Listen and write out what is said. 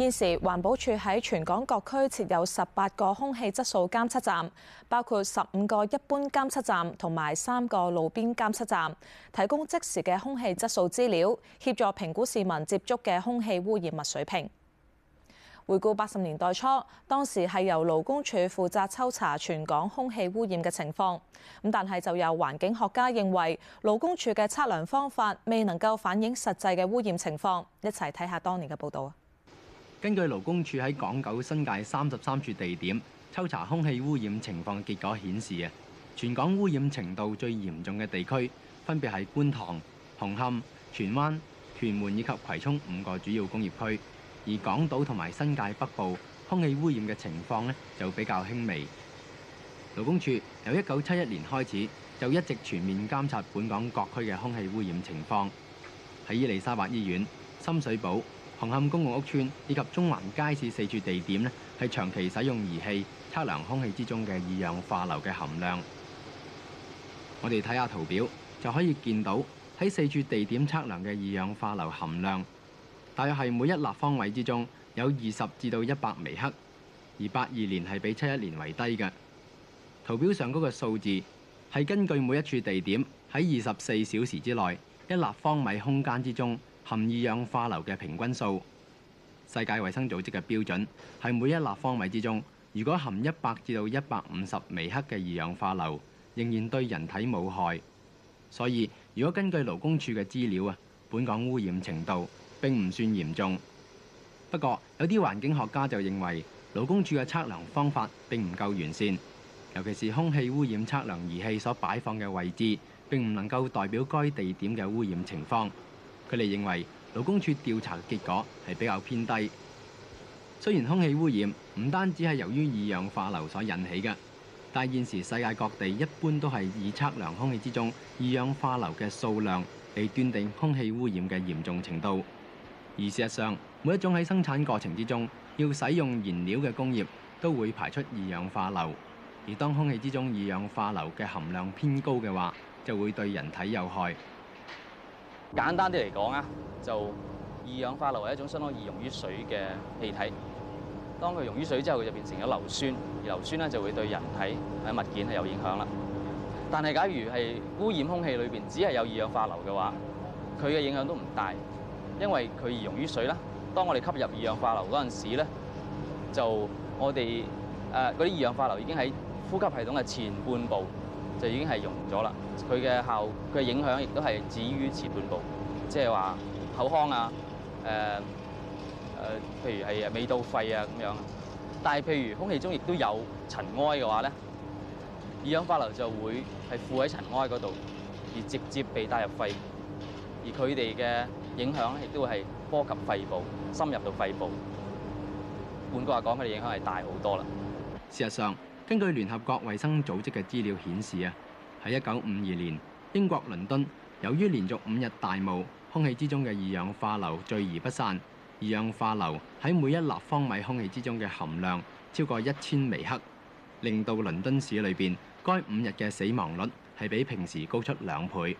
現時環保署喺全港各區設有十八個空氣質素監測站，包括十五個一般監測站同埋三個路邊監測站，提供即時嘅空氣質素資料，協助評估市民接觸嘅空氣污染物水平。回顧八十年代初，當時係由勞工處負責抽查全港空氣污染嘅情況，咁但係就有環境學家認為勞工處嘅測量方法未能夠反映實際嘅污染情況。一齊睇下當年嘅報導。根據勞工處喺港九新界三十三處地點抽查空氣污染情況結果顯示啊，全港污染程度最嚴重嘅地區分別係觀塘、紅磡、荃灣、屯門以及葵涌五個主要工業區，而港島同埋新界北部空氣污染嘅情況就比較輕微。勞工處由一九七一年開始就一直全面監察本港各區嘅空氣污染情況。喺伊利沙伯醫院、深水埗、紅磡公共屋邨以及中環街市四處地點咧，係長期使用儀器測量空氣之中嘅二氧化硫嘅含量。我哋睇下圖表就可以見到，喺四處地點測量嘅二氧化硫含量，大約係每一立方米之中有二十至到一百微克，而八二年係比七一年為低嘅。圖表上嗰個數字係根據每一處地點喺二十四小時之內一立方米空間之中，含二氧化硫嘅平均數，世界衞生組織嘅標準係每一立方米之中，如果含一百至到一百五十微克嘅二氧化硫，仍然對人體冇害。所以，如果根據勞工處嘅資料啊，本港污染程度並唔算嚴重。不過，有啲環境學家就認為勞工處嘅測量方法並唔夠完善，尤其是空氣污染測量儀器所擺放嘅位置，並唔能夠代表該地點嘅污染情況。佢哋認為勞工處調查嘅結果係比較偏低。雖然空氣污染唔單止係由於二氧化硫所引起嘅，但現時世界各地一般都係以測量空氣之中二氧化硫嘅數量嚟斷定空氣污染嘅嚴重程度。而事實上，每一種喺生產過程之中要使用燃料嘅工業都會排出二氧化硫，而當空氣之中二氧化硫嘅含量偏高嘅話，就會對人體有害。簡單啲嚟講啊，就二氧化硫係一種相當易溶於水嘅氣體。當佢溶於水之後，佢就變成咗硫酸，而硫酸咧就會對人體、喺物件係有影響啦。但係假如係污染空氣裏邊只係有二氧化硫嘅話，佢嘅影響都唔大，因為佢易溶於水啦。當我哋吸入二氧化硫嗰陣時咧，就我哋誒嗰啲二氧化硫已經喺呼吸系統嘅前半部。就已經係溶咗啦，佢嘅效果、佢嘅影響亦都係止於前半部，即係話口腔啊、誒、呃、誒、呃，譬如係未到肺啊咁樣。但係譬如空氣中亦都有塵埃嘅話咧，二氧化硫就會係附喺塵埃嗰度，而直接被帶入肺，而佢哋嘅影響亦都係波及肺部，深入到肺部。換句話講，佢哋影響係大好多啦。事實上。根據聯合國衛生組織嘅資料顯示啊，喺一九五二年英國倫敦，由於連續五日大霧，空氣之中嘅二氧化硫聚而不散，二氧化硫喺每一立方米空氣之中嘅含量超過一千微克，令到倫敦市裏面該五日嘅死亡率係比平時高出兩倍。